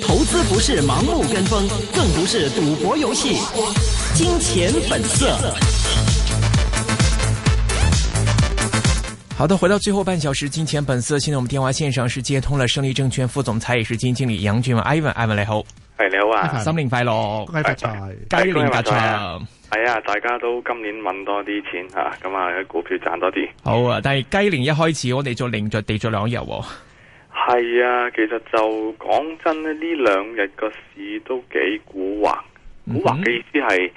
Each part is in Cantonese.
投資不是盲目跟風，更不是賭博遊戲。金錢本色。 好的，回到最後半小時，金錢本色。現在我們電話線上是接通了，勝利證券副總裁也是基金經理楊俊文，Ivan，Ivan 來後。係你好啊，新年、hey, 快樂！雞年發財，係啊！大家都今年揾多啲錢吓，咁啊，股票賺多啲好啊！但係雞年一開始，我哋就連續跌咗兩日。係啊，其實就講真咧，呢兩日個市都幾古惑，嗯、哼古惑嘅意思係，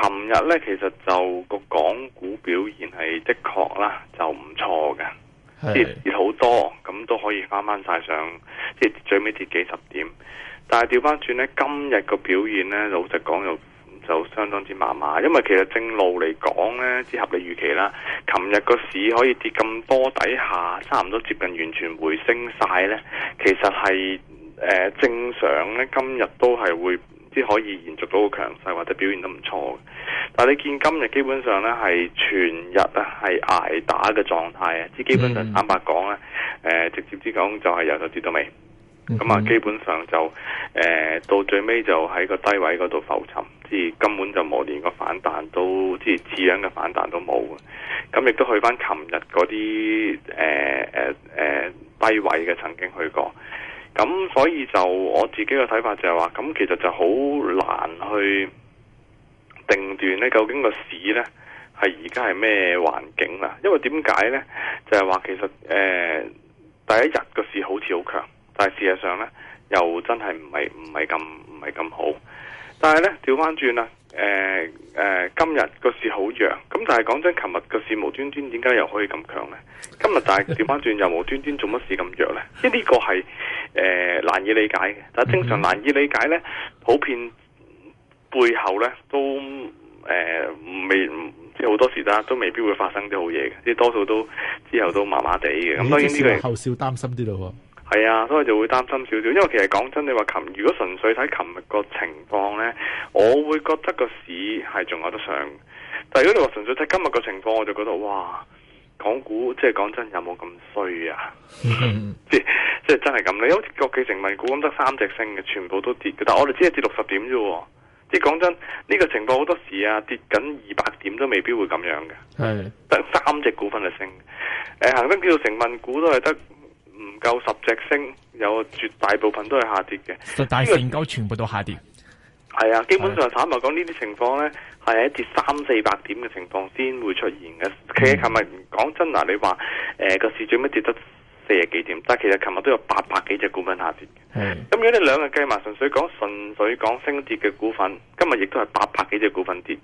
琴日咧其實就個港股表現係的確啦，就唔錯嘅，跌跌好多，咁都可以翻翻晒上，即係最尾跌幾十點。但係調翻轉呢，今日個表現呢，老實講又就相當之麻麻，因為其實正路嚟講呢，之合理預期啦。琴日個市可以跌咁多底下，差唔多接近完全回升晒呢，其實係誒、呃、正常呢，今日都係會之可以延續到個強勢或者表現得唔錯。但係你見今日基本上呢係全日啊係捱打嘅狀態啊，之基本上坦白講呢，誒、嗯呃、直接之講就係由頭跌到尾。咁啊，mm hmm. 基本上就誒，到最尾就喺個低位度浮沉，即係根本就冇連個反彈都，即係似樣嘅反彈都冇。咁亦都去返琴日啲誒誒誒低位嘅，曾經去過。咁所以就我自己嘅睇法就係、是、話，咁其實就好難去定斷咧，究竟個市咧係而家係咩環境啊？因為點解咧？就係、是、話其實誒、呃、第一日個市好似好強。但係事實上咧，又真係唔係唔係咁唔係咁好。但係咧調翻轉啦，誒誒、呃呃，今日個市好弱，咁但係講真，琴日個市無端端點解又可以咁強咧？今日但係調翻轉又無端端做乜事咁弱咧？即呢個係誒、呃、難以理解嘅。但係正常難以理解咧，普遍背後咧都誒、呃、未，即係好多時啦，都未必會發生啲好嘢嘅，即係多數都之後都麻麻地嘅。咁當然呢個後市擔心啲咯。係啊，所以就會擔心少少。因為其實講真，你話琴如果純粹睇琴日個情況呢，我會覺得個市係仲有得上。但如果你話純粹睇今日個情況，我就覺得哇，港股即係講真有冇咁衰啊？即係 真係咁。你好似國企成分股得三隻升嘅，全部都跌嘅。但係我哋只係跌六十點啫。即係講真，呢、呢個情況好多時啊跌緊二百點都未必會咁樣嘅。係得的三隻股份就升。誒、呃，恒生叫做成分股都係得。唔夠十隻升，有絕大部分都係下跌嘅，大部分唔夠全部都下跌。係為啊，基本上坦白講，呢啲情況呢係一跌三四百點嘅情況先會出現嘅。其實琴日講真嗱，你話誒個市最尾跌得四十幾點，但係其實琴日都有八百幾隻股份下跌嘅。咁是的、嗯、如果你兩日計埋，純粹講純粹講升跌嘅股份，今日亦都係八百幾隻股份跌。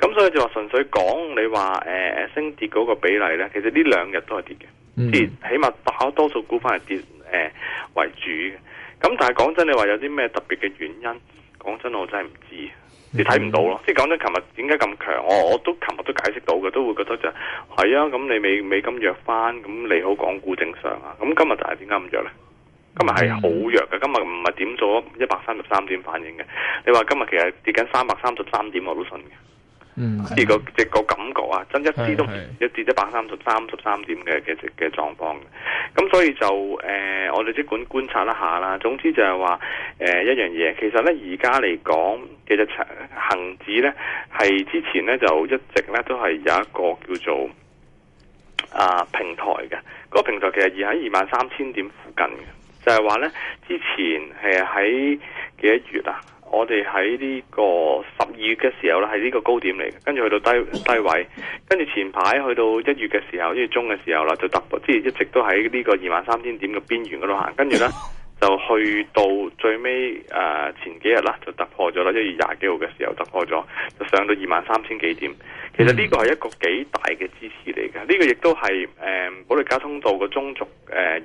咁所以就話純粹講你話誒、呃、升跌嗰個比例呢，其實呢兩日都係跌嘅。即、嗯、起碼大多數股份係跌誒、呃、為主嘅，咁但係講真你話有啲咩特別嘅原因？講真我真係唔知，你睇唔到咯。嗯、即係講真，琴日點解咁強？我我都琴日都解釋到嘅，都會覺得就係、是、啊。咁、哎、你美美金弱返，咁利好港股正常啊。咁今日就係點解咁弱咧？今日係好弱嘅，今日唔係點咗一百三十三點反應嘅。你話今日其實跌緊三百三十三點我都信。嘅。嗯，呢個感覺啊，的真一跌都的一跌一百三十三十三點嘅嘅嘅狀況，咁所以就誒、呃，我哋即管觀察一下啦。總之就係話誒一樣嘢，其實呢而家嚟講，其實恒指呢，係之前呢就一直呢都係有一個叫做啊、呃、平台嘅，嗰、那個平台其實而喺二萬三千點附近嘅，就係、是、話呢之前係喺幾多月啊？我哋喺呢個十二月嘅時候咧，係呢個高點嚟，跟住去到低低位，跟住前排去到一月嘅時候，一月中嘅時候啦，就突破，即係一直都喺呢個二萬三千點嘅邊緣嗰度行，跟住咧。就去到最尾誒、呃、前幾日啦，就突破咗啦！一月廿幾號嘅時候突破咗，就上到二萬三千幾點。其實呢個係一個幾大嘅支持嚟嘅。呢、這個亦都係誒保利交通道嘅中軸誒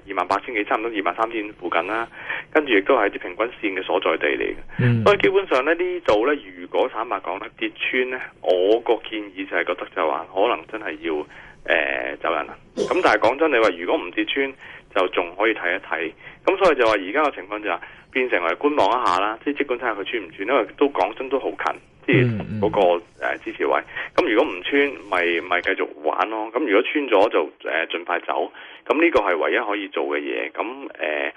二萬八千幾，差唔多二萬三千附近啦。跟住亦都係啲平均線嘅所在地嚟嘅。所以、嗯、基本上咧，呢度咧，如果坦白講咧跌穿咧，我個建議就係覺得就話可能真係要誒、呃、走人啦。咁但係講真，你話如果唔跌穿，就仲可以睇一睇，咁所以就話而家嘅情況就係變成係觀望一下啦，即係即管睇下佢穿唔穿，因為都講真都好近，即係嗰、個、呃、支持位。咁如果唔穿，咪咪繼續玩咯。咁如果穿咗就誒、呃、盡快走。咁呢個係唯一可以做嘅嘢。咁誒。呃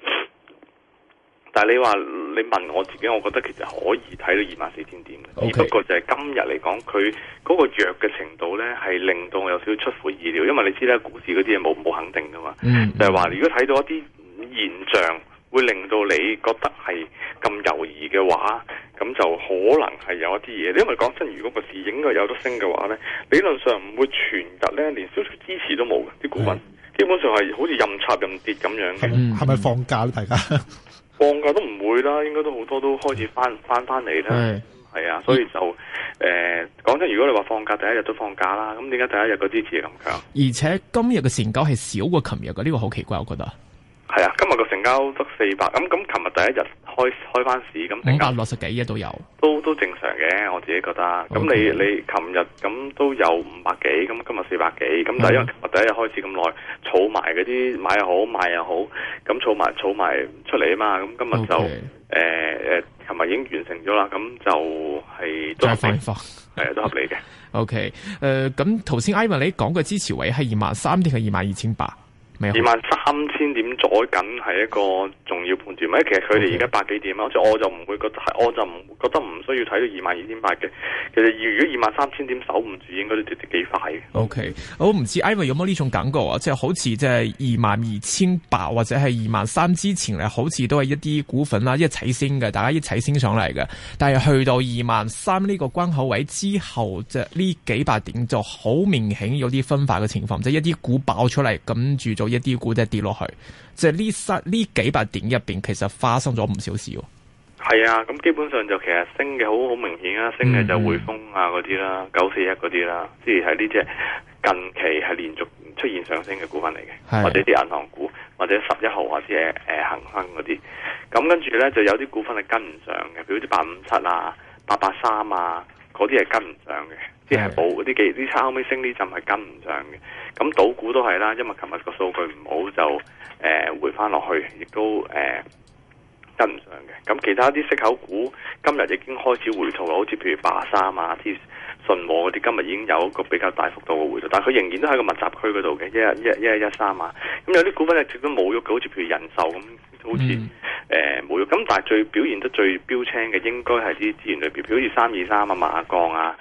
但係你話你問我自己，我覺得其實可以睇到二萬四千點嘅，只 Okay. 不過就係今日嚟講，佢嗰個弱嘅程度呢，係令到我有少少出乎意料。因為你知咧，股市嗰啲嘢冇冇肯定噶嘛，嗯、就係話如果睇到一啲現象，會令到你覺得係咁猶豫嘅話，咁就可能係有一啲嘢。因為講真，如果個市應該有得升嘅話呢，理論上唔會全日呢，連少少支持都冇嘅，啲股份、嗯、基本上係好似任插任跌咁樣嘅。係咪、嗯嗯、放假，大家？ 放假都唔會啦，應該都好多都開始翻翻翻嚟啦，係啊的，所以就誒講、呃、真，如果你話放假第一日都放假啦，咁點解第一日個支持咁強？而且今日嘅成交係少過琴日嘅，呢、呢個好奇怪，我覺得。係啊，今日個成交得四百，咁咁琴日第一日開開翻市，咁五百六十幾日都有，都都正常嘅，我自己覺得。咁你 Okay. 你琴日咁都有五百幾，咁今日四百幾，咁第一。嗯一開始咁耐，儲埋嗰啲買又好賣又好，咁儲埋儲埋出嚟啊嘛，咁今日就誒誒，琴日 Okay.、呃、已經完成咗啦，咁就係再放一放，係都合理嘅。OK，誒、呃，咁頭先 Ivan 你講嘅支持位係二萬三定係二萬二千八？二萬三千點左緊係一個重要判斷，咪其實佢哋而家百幾點啊，即係 Okay. 我就唔會覺得係，我就唔覺得唔需要睇到二萬二千八嘅。其實如果二萬三千點守唔住，應該都跌得幾快嘅。OK，我唔知 Ivan 有冇呢種感覺啊，即係好似即係二萬二千八或者係二萬三之前咧，好似都係一啲股份啦，一齊升嘅，大家一齊升上嚟嘅。但係去到二萬三呢個關口位之後，即係呢幾百點就好明顯有啲分化嘅情況，即係一啲股爆出嚟，跟住就。一啲股即跌落去，即係呢三呢幾百點入邊，其實發生咗唔少事。係啊，咁基本上就其實升嘅好好明顯啊，嗯、升嘅就匯豐啊嗰啲啦，九四一嗰啲啦，即係喺呢隻近期係連續出現上升嘅股份嚟嘅，是或者啲銀行股，或者十一號或者誒恒生嗰啲。咁跟住咧就有啲股份係跟唔上嘅，譬如好似八五七啊、八八三啊嗰啲係跟唔上嘅。即係冇啲幾呢？餐後尾升呢陣係跟唔上嘅。咁賭股都係啦，因為琴日個數據唔好，就誒回翻落去，亦都誒跟唔上嘅。咁其他啲息口股今日已經開始回吐啦，好似譬如八三啊、啲信和嗰啲，今日已經有個比較大幅度嘅回吐，但係佢仍然都喺個密集區嗰度嘅，一一一一三啊。咁有啲股份咧，甚至冇咗嘅，好似譬如人壽咁，都好似誒冇咗。咁但係最表現得最標青嘅，應該係啲資源類，譬如好似三二三啊、馬鋼啊。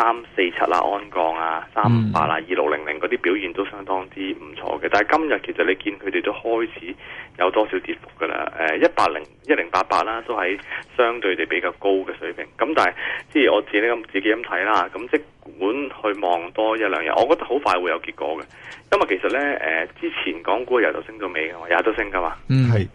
三、嗯嗯、四七啦、啊，鞍鋼啊，三五八啦、啊，二六零零嗰啲表現都相當之唔錯嘅。但係今日其實你見佢哋都開始有多少跌幅㗎啦。誒、呃，一百零一零八八啦、啊，都係相對地比較高嘅水平。咁、嗯、但係即係我自己咁自己咁睇啦。咁、嗯、即管去望多一兩日，我覺得好快會有結果嘅。因為其實咧誒、呃，之前港股由頭升到尾嘅，日日都升㗎嘛。嗯，係。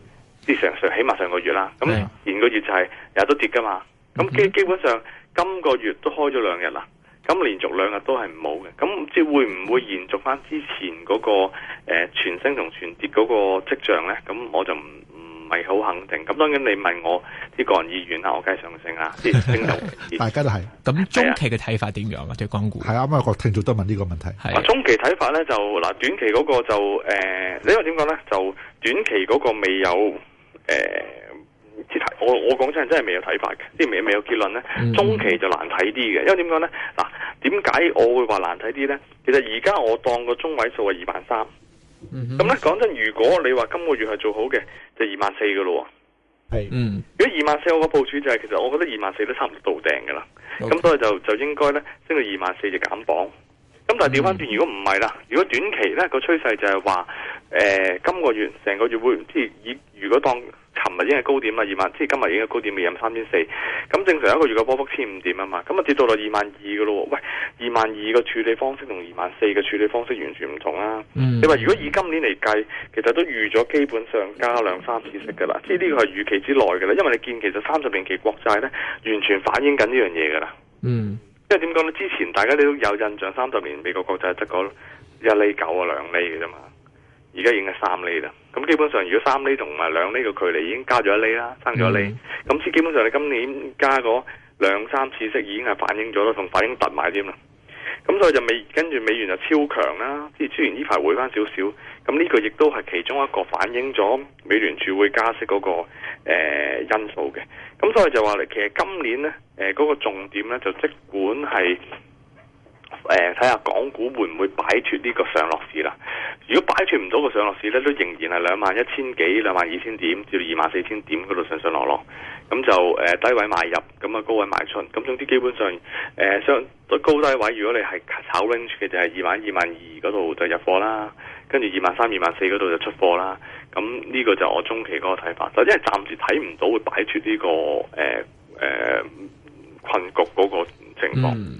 即上上起碼上個月啦，咁、嗯嗯、前個月就係日日都跌㗎嘛。咁、嗯、基基本上今個月都開咗兩日啦。嗯嗯嗯嗯嗯嗯嗯嗯咁連續兩日都係冇嘅，咁即係會唔會延續翻之前嗰、嗰個、呃、全升同全跌嗰個跡象咧？咁我就唔唔係好肯定。咁當然你問我啲個人意願啦，我梗係上昇啊，升流。 大家都係。咁 中期嘅睇法點樣或者講故？股 Yeah.。係 啊，咁我聽咗都問呢個問題。啊、中期睇法咧就嗱，短期嗰個就誒，呢個點講咧，就短期嗰個未有誒、呃，我我講真係真係未有睇法嘅，即未未有結論咧。中期就難睇啲嘅，因為點講咧嗱。點解我會話難睇啲呢？其實而家我當個中位數係二萬三，咁、嗯、哼呢講真，如果你話今個月係做好嘅，就二萬四嘅咯。係是，嗯，如果二萬四，我個部署就係、是，其實我覺得二萬四都差唔多到頂噶啦。咁 Okay. 所以就就應該呢升，到二萬四就減磅。咁但係調翻轉，嗯、如果唔係啦，如果短期呢個趨勢就係話，誒、呃，今個月成個月會即係以如果當。尋日已經係高點嘛，二萬，即係今日已經係高點，未入三千四。咁正常一個月嘅波幅千五點啊嘛，咁啊跌到落二萬二嘅咯。喂，二萬二嘅處理方式同二萬四嘅處理方式完全唔同啦、啊。你話、嗯、如果以今年嚟計，其實都預咗基本上加兩三次息嘅啦。即係呢個係預期之內嘅啦，因為你見其實三十年期國債咧，完全反映緊呢樣嘢嘅啦。嗯，即係點講呢？之前大家你都有印象，三十年美國國債得個一厘九啊兩厘嘅啫嘛。而家已經係三厘啦，咁基本上如果三厘同埋兩厘嘅距離，已經加咗一厘啦，升咗一厘。咁即基本上你今年加過兩三次息，已經係反映咗啦，同反映突埋添啦。咁所以就美跟住美元就超強啦，即係雖然呢排回翻少少，咁、這、呢個亦都係其中一個反映咗美聯儲會加息嗰、那個、呃、因素嘅。咁所以就話你其實今年呢，誒、呃、嗰、那個重點呢，就即管係。誒，睇下港股會唔會擺脱呢個上落市啦？如果擺脱唔到個上落市咧，都仍然係兩萬一千幾、兩萬二千點至到二萬四千點嗰度上上落落，咁就誒低位買入，咁啊高位賣出，咁總之基本上誒，上高低位，如果你係炒 range 嘅，就係二萬二萬二嗰度就入貨啦，跟住二萬三、二萬四嗰度就出貨啦。咁呢個就我中期嗰個睇法，就因為暫時睇唔到會擺脱呢個誒誒困局嗰個情況。嗯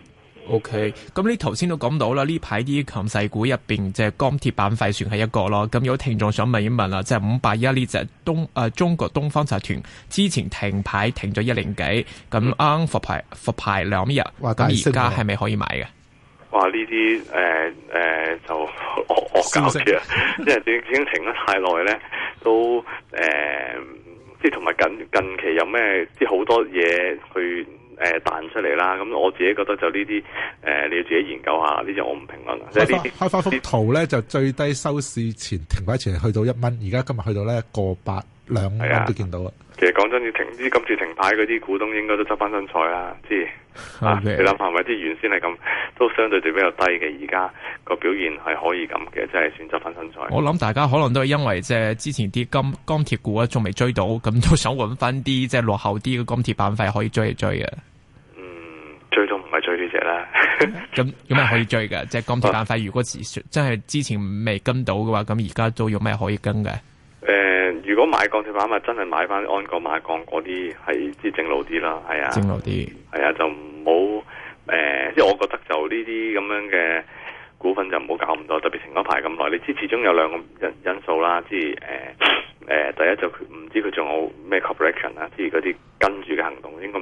O K，咁你頭先都講到啦，呢排啲強勢股入邊，即係鋼鐵板塊算係一個咯。咁有聽眾想問一問啦，即係五八一呢隻東誒、呃、中國東方集團之前停牌停咗一年幾，咁啱復牌復牌兩日，咁而家係咪可以買嘅？哇！呢啲誒誒，就惡搞嘅，因為點點停得太耐咧，都誒，即係同埋近近期有咩，即係好多嘢去。誒，彈、呃、出嚟啦！咁、嗯、我自己覺得就呢啲誒，你要自己研究下花些呢隻，我唔評論，即係啲開發幅圖咧，就最低收市前停牌前去到一蚊，而家今日去到咧個百兩蚊都見到啊！其實講真，你停呢今次停牌嗰啲股東應該都執翻身彩啦，知？Okay. 啊！你諗下咪啲原先係咁，都相對住比較低嘅，而家個表現係可以咁嘅，即係選擇翻新彩。我諗大家可能都係因為即係之前啲金鋼，鋼鐵股啊，仲未追到，咁都想搵翻啲即係落後啲嘅鋼鐵板塊可以追一追嘅。嗯，追都唔係追呢隻啦。咁 有咩可以追嘅？即係 鋼鐵板塊，如果真係之前未跟到嘅話，咁而家都有咩可以跟嘅？誒、呃。如果買鋼鐵板嘛，真係買翻安國買鋼嗰啲係即係正路啲啦，係啊，正路啲係啊，就唔好誒，即、呃、係我覺得就呢啲咁樣嘅股份就唔好搞咁多，特別前嗰排咁耐，你知始終有兩個因因素啦，即係誒誒，第一就唔知佢仲有咩 collection 啊，即係嗰啲跟住嘅行動應該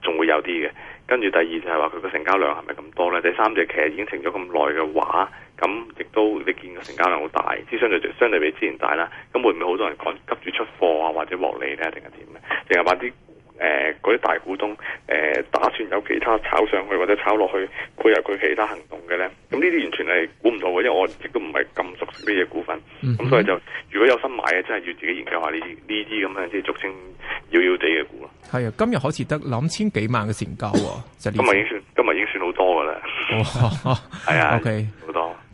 仲會有啲嘅，跟住第二就係話佢個成交量係咪咁多咧？第三隻其實已經停咗咁耐嘅話。咁亦都你見個成交量好大，資相對相對比之前大啦。咁會唔會好多人趕急住出貨啊，或者獲利咧，定係點咧？定係話啲誒嗰啲大股東誒、呃、打算有其他炒上去或者炒落去，配合佢其他行動嘅咧？咁呢啲完全係估唔到嘅，因為我亦都唔係咁熟悉呢隻股份，咁、嗯、哼所以就如果有心買嘅，真係要自己研究下呢啲呢啲咁嘅即係俗稱妖妖地嘅股咯。係啊，今日好似得兩千幾萬嘅成交喎， 今日已經算、哦、今日已經算好多㗎啦。係啊、 哦哦哦、，OK。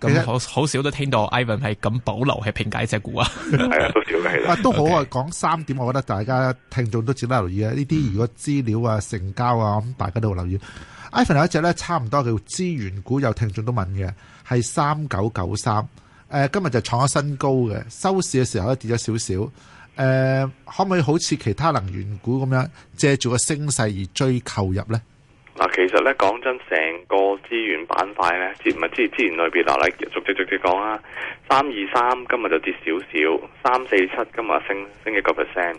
咁好好少都聽到 Ivan 係咁保留係評解呢隻股啊，係 啊，都好嘅，啊都好啊，講三點，我覺得大家聽眾都值得留意啊。呢啲如果資料啊、成交啊，咁大家都會留意。Ivan、嗯、有一隻咧，差唔多叫資源股，有聽眾都問嘅，係三九九三。誒，今日就創咗新高嘅，收市嘅時候咧跌咗少少。誒、呃，可唔可以好似其他能源股咁樣借住個升勢而追購入咧？嗱，其實咧講真，成個資源板塊咧，接咪資資源類別嗱，咧逐隻逐隻講啦，三二三今日就跌少少，三四七今日升升一個 percent，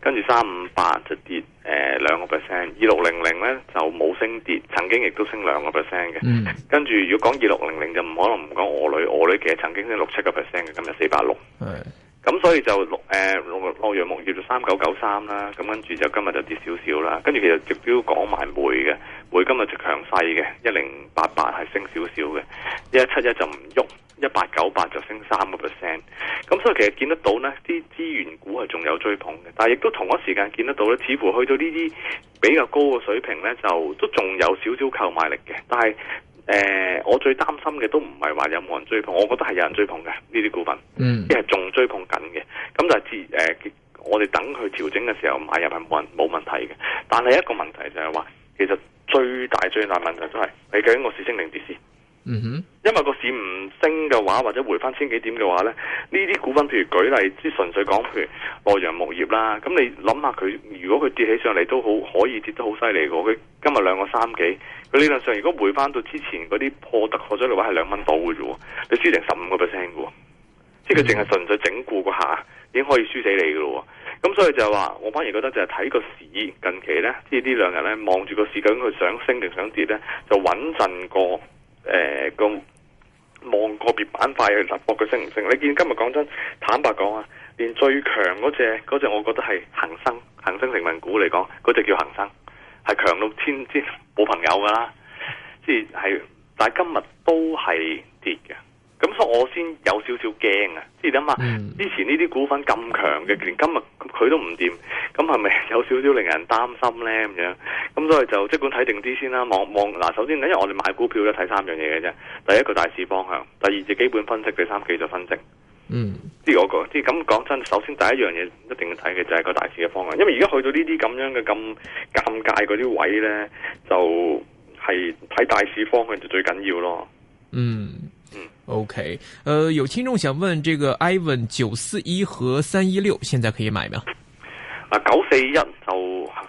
跟住三五八就跌誒兩個 percent，二六零零咧就冇升跌，曾經亦都升兩個 percent 嘅。嗯，跟住如果講二六零零就唔可能唔講俄鋁，俄鋁其實曾經升六七個 percent 嘅，今日四八六。咁是的 所以就六誒六個洛陽鉬業就三九九三啦，咁跟住就今日就跌少少啦，跟住其實目標講埋煤嘅。匯今日就強勢嘅，一零八八係升少少嘅，一一七一就唔喐，一八九八就升三個 percent。咁所以其實見得到呢啲資源股係仲有追捧嘅，但係亦都同一時間見得到咧，似乎去到呢啲比較高嘅水平咧，就都仲有少少購買力嘅。但係誒、呃，我最擔心嘅都唔係話有冇人追捧，我覺得係有人追捧嘅呢啲股份，即係仲追捧緊嘅。咁就係自誒，我哋等佢調整嘅時候買入係冇人冇問題嘅。但係一個問題就係話，其實。最大最大問題都係你究竟個市升定跌先，嗯哼，因為個市唔升嘅話，或者回翻千幾點嘅話咧，呢啲股份譬如舉例，即純粹講，譬如洛陽木業啦，咁你諗下佢，如果佢跌起上嚟都好，可以跌得好犀利嘅，佢今日兩個三幾，佢理論上如果回翻到之前嗰啲破突破咗嘅話，係兩蚊到嘅啫喎，你輸成十五個 percent 嘅喎，即佢淨係純粹整固個下已經可以輸死你嘅咯喎。嗯。咁所以就係話，我反而覺得就係睇個市近期呢，即係呢兩日呢，望住個市究竟佢想升定想跌呢，就穩陣過誒個望個別板塊去搏佢升唔升。你見今日講真，坦白講啊，連最強嗰隻嗰隻，我覺得係恒生、恒生成分股嚟講，嗰隻叫恒生，係強到天之冇朋友噶啦，即係，但係今日都係跌嘅。咁所以我先有少少驚啊，即係諗下，之前呢啲股份咁強嘅，連今日佢都唔掂，咁係咪有少少令人擔心呢？咁樣，咁所以就即管睇定啲先啦。望望嗱，首先，因為我哋買股票咧睇三樣嘢嘅啫，第一個大市方向，第二就基本分析，第三技術分析。嗯，即係我覺，即係咁講真，首先第一樣嘢一定要睇嘅就係個大市嘅方向，因為而家去到呢啲咁樣嘅咁尷尬嗰啲位呢，就係睇大市方向就最緊要咯。嗯。OK，誒、呃，有聽眾想問，這個 Ivan 九四一和三一六，現在可以買嗎？啊，九四一就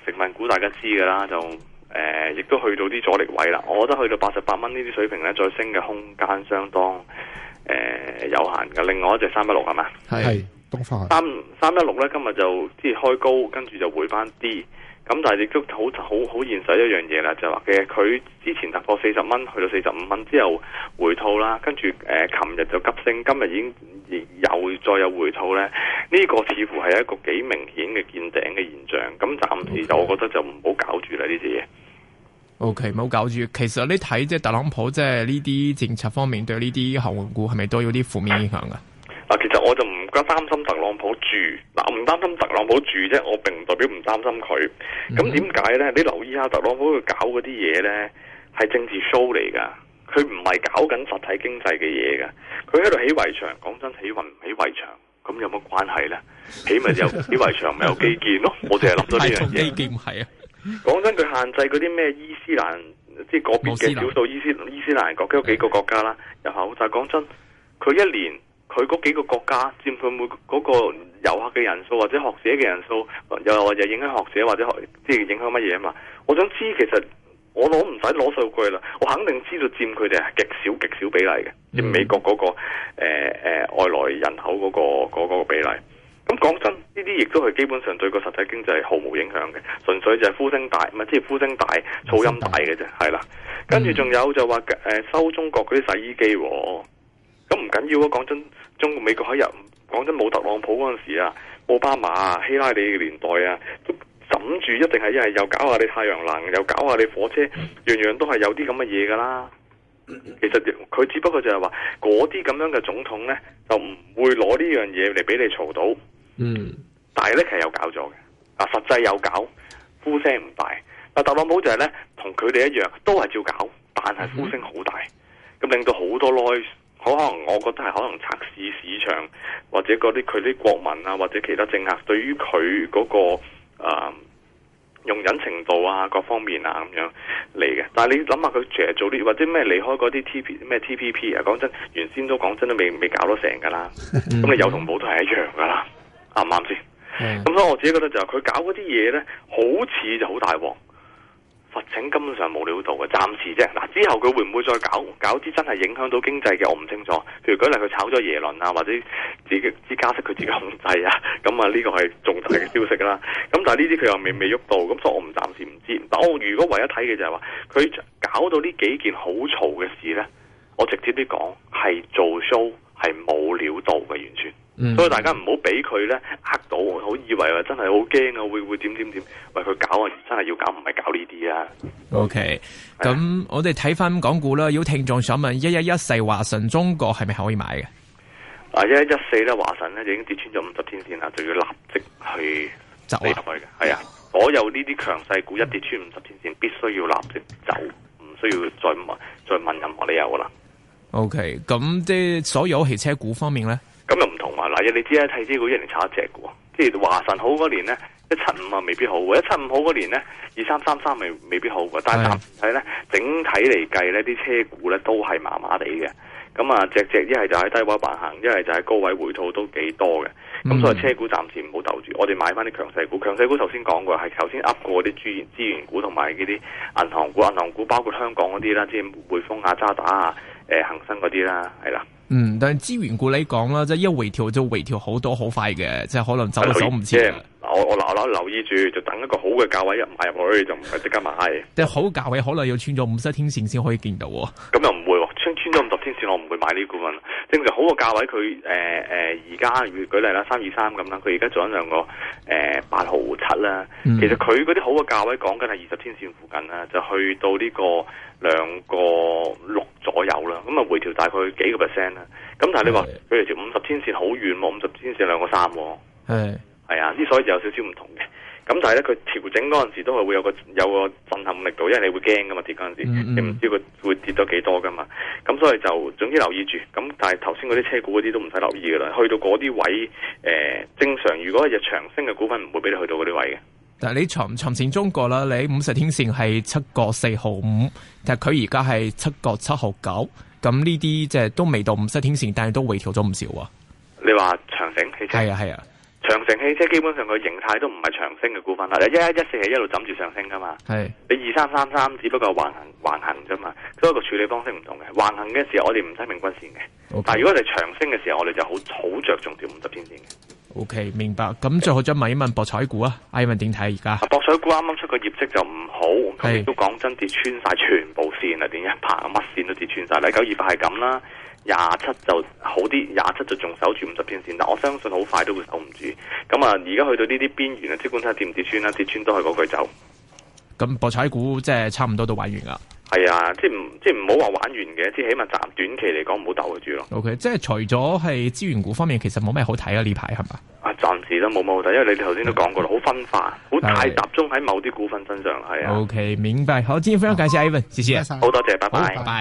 成份股，大家知噶啦，就誒，亦、呃、都去到啲阻力位啦。我覺得去到八十八蚊呢啲水平咧，再升嘅空間相當誒、呃、有限噶。另外一隻三一六係嘛？係是是東方三三一六咧，今日就即係開高，跟住就回翻啲。咁但係亦都好好好現實一樣嘢啦，就話其實佢之前突破四十蚊去到四十五蚊之後回吐啦，跟住誒，琴、呃、日就急升，今日已經、呃、又再有回吐咧。呢、這個似乎係一個幾明顯嘅見頂嘅現象。咁暫時就我覺得就唔好搞住啦呢啲嘢。OK，唔好搞住。其實你睇即係特朗普即係呢啲政策方面對呢啲恒指股係咪都有啲負面影響噶？啊，其實我就唔。我擔心特朗普住嗱，唔、啊、擔心特朗普住啫。我並唔代表唔擔心佢。咁點解呢？你留意下特朗普佢搞嗰啲嘢呢，係政治 show 嚟噶。佢唔係搞緊實體經濟嘅嘢噶。佢喺度起圍牆，講真起運唔起圍牆，咁有乜關係呢？起咪有起圍牆咪有基建咯？ 我淨係諗到呢樣嘢。基建係啊。 講真，佢限制嗰啲咩伊斯蘭，即係個別嘅少數伊斯伊斯蘭國嗰、嗯、幾個國家啦。然後就講真，佢一年。 佢嗰幾個國家佔佢每嗰個個遊客嘅人數，或者學者嘅人數，又或者影響學者，或者即係影響乜嘢啊嘛？我想知其實我攞唔使攞數據啦，我肯定知道佔佢哋係極少極少比例嘅，佔、嗯、美國嗰、嗰個誒、呃呃、外來人口嗰、嗰個嗰個比例。咁講真，呢啲亦都係基本上對個實體經濟毫無影響嘅，純粹就係呼聲大，咪即係呼聲大、噪音大嘅啫，係啦。嗯、跟住仲有就話誒、呃、收中國嗰啲洗衣機、哦，咁唔緊要啊！講真。中國美國喺入講真冇特朗普嗰陣時啊，奧巴馬、希拉里嘅年代啊，都枕住一定係因為又搞下你太陽能，又搞下你火車，樣樣都係有啲咁嘅嘢噶啦。其實佢只不過就係話嗰啲咁樣嘅總統呢，就唔會攞呢樣嘢嚟俾你嘈到。嗯，但係咧係有搞咗嘅，啊實際有搞，呼聲唔大。嗱特朗普就係呢，同佢哋一樣，都係照搞，但係呼聲好大，咁、嗯、令到好多 noise 好可能，我覺得係可能測試市場，或者嗰啲佢啲國民啊，或者其他政客對於佢嗰、個、呃、容忍程度啊，各方面啊咁樣嚟嘅。但係你諗下，佢成日做啲或者咩離開嗰啲 T 咩 T P P 啊，講真，原先都講真都未未搞到成噶啦。咁 你有同冇都係一樣噶啦，啱唔啱先？咁 所以我自己覺得就係佢搞嗰啲嘢咧，好似就好大鑊。我情根本上冇料到嘅，暫時啫。嗱，之後佢會唔會再搞搞啲真係影響到經濟嘅，我唔清楚。譬如舉例佢炒咗耶倫啊，或者自己啲加息佢自己控制啊，咁啊呢個係重大嘅消息啦。咁但係呢啲佢又未未喐到，咁所以我唔暫時唔知。但我如果唯一睇嘅就係話，佢搞到呢幾件好嘈嘅事呢，我直接啲講係做 show 係冇料到嘅完全。嗯、所以大家唔好俾佢咧嚇到，好以為話真係好驚啊！會會點點點？喂，佢搞啊，真係要搞，唔係搞呢啲啊。O K，咁我哋睇翻港股啦。如果聽眾想問：一一一四華晨中國係咪可以買嘅？啊，一一一四咧，華晨咧已經跌穿咗五十天線啦，就要立即去開走開、啊、嘅。係啊，所有呢啲強勢股一跌穿五十天線，必須要立即走，唔需要再問再問任何理由噶啦。O K，咁即係所有汽車股方面咧。你知啊，睇支股一年炒一隻嘅，即係華晨好嗰年呢，一七五啊未必好，一七五好嗰年呢，二三三三未未必好嘅，但係睇咧整體嚟計呢啲車股咧都係麻麻地嘅，咁啊隻隻一係就喺低位橫行，一係就喺高位回吐都幾多嘅，咁所以車股暫時唔好逗住。我哋買翻啲強勢股，強勢股頭先講過係頭先噏過啲資源資源股同埋嗰啲銀行股，銀行股包括香港嗰啲啦，即係匯豐啊、渣打啊、誒、呃、恒生嗰啲啦，係啦。嗯，但係資源股嚟講啦，即係一回調就回調好多好快嘅，即係可能走唔走唔切。嗱意，我我留留留意住，就等一個好嘅價位入買入去，就唔係即刻買。即係、嗯、好價位可能要穿咗五十天線先可以見到。咁又唔會。 穿咗五十天線，我唔會買呢啲股份。正常好嘅價位，佢誒誒，而家如舉例啦，三二三咁啦，佢而家做緊兩個誒八毫七啦。呃、8, 7，其實佢嗰啲好嘅價位，講緊係二十天線附近啦，就去到呢個兩個六左右啦。咁啊，回調大概幾個 percent 啦？咁但係你話，佢距住五十天線好遠喎，五十天線兩個三喎的，係係啊，之所以就有少少唔同嘅。咁但係咧，佢調整嗰陣時都係會有個有個震撼力度，因為你會驚噶嘛，跌嗰陣時，你唔知佢會跌到幾多噶嘛。咁所以就總之留意住。咁但係頭先嗰啲車股嗰啲都唔使留意噶啦。去到嗰啲位，誒、呃、正常如果係日長升嘅股份，唔會俾你去到嗰啲位嘅。但係你尋尋前中國啦，你五十天線係七個四毫五，但係佢而家係七個七毫九。咁呢啲即係都未到五十天線，但係都回調咗唔少啊。你話長城汽車？係啊係啊。長城汽車基本上個形態都唔係長升嘅股份啦，一一一四係一路枕住上升噶嘛，係是你二三三三只不過橫行橫行啫嘛，所以個處理方式唔同嘅，橫行嘅時候我哋唔使平均線嘅，Okay. 但係如果係長升嘅時候我哋就好好着重條五十天線嘅。OK，明白，咁最後想問一問博彩股啊，阿 Ivan 點睇而家？啱啱出個業績就唔好，咁亦是都講真跌穿晒全部線啦，點一拍乜線都跌穿晒？嚟九二八係咁啦，廿七就好啲，廿七就仲守住五十天線，但我相信好快都會守唔住。咁啊，而家去到呢啲邊緣啊，只管睇下跌唔跌穿啦，跌穿都係嗰句就，咁博彩股即係差唔多都玩完啦。係啊，即係唔即係唔好話玩完嘅，即係起碼暫短期嚟講唔好逗住咯。OK，即係除咗係資源股方面，其實冇咩好睇啊呢排係嘛？啊，暫時都冇乜好睇，因為你哋頭先都講過啦，OK。好分化，好太集中喺某啲股份身上，係啊。OK，明白。好，thank you for your 介紹，Ivan，謝謝，好多謝，拜拜，拜拜。